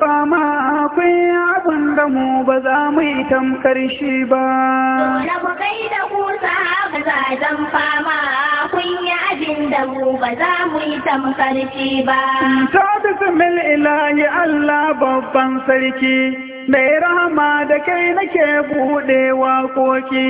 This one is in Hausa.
Fama ma akwai abin da mu ba za mu yi tamkar shi ba. Da mu kai da kusa ba za zan fama kun yi abin da mu ba za mu yi tamkar ba. Ta ilahi Allah babban sarki, mai rahama da kai nake buɗe waƙoƙi.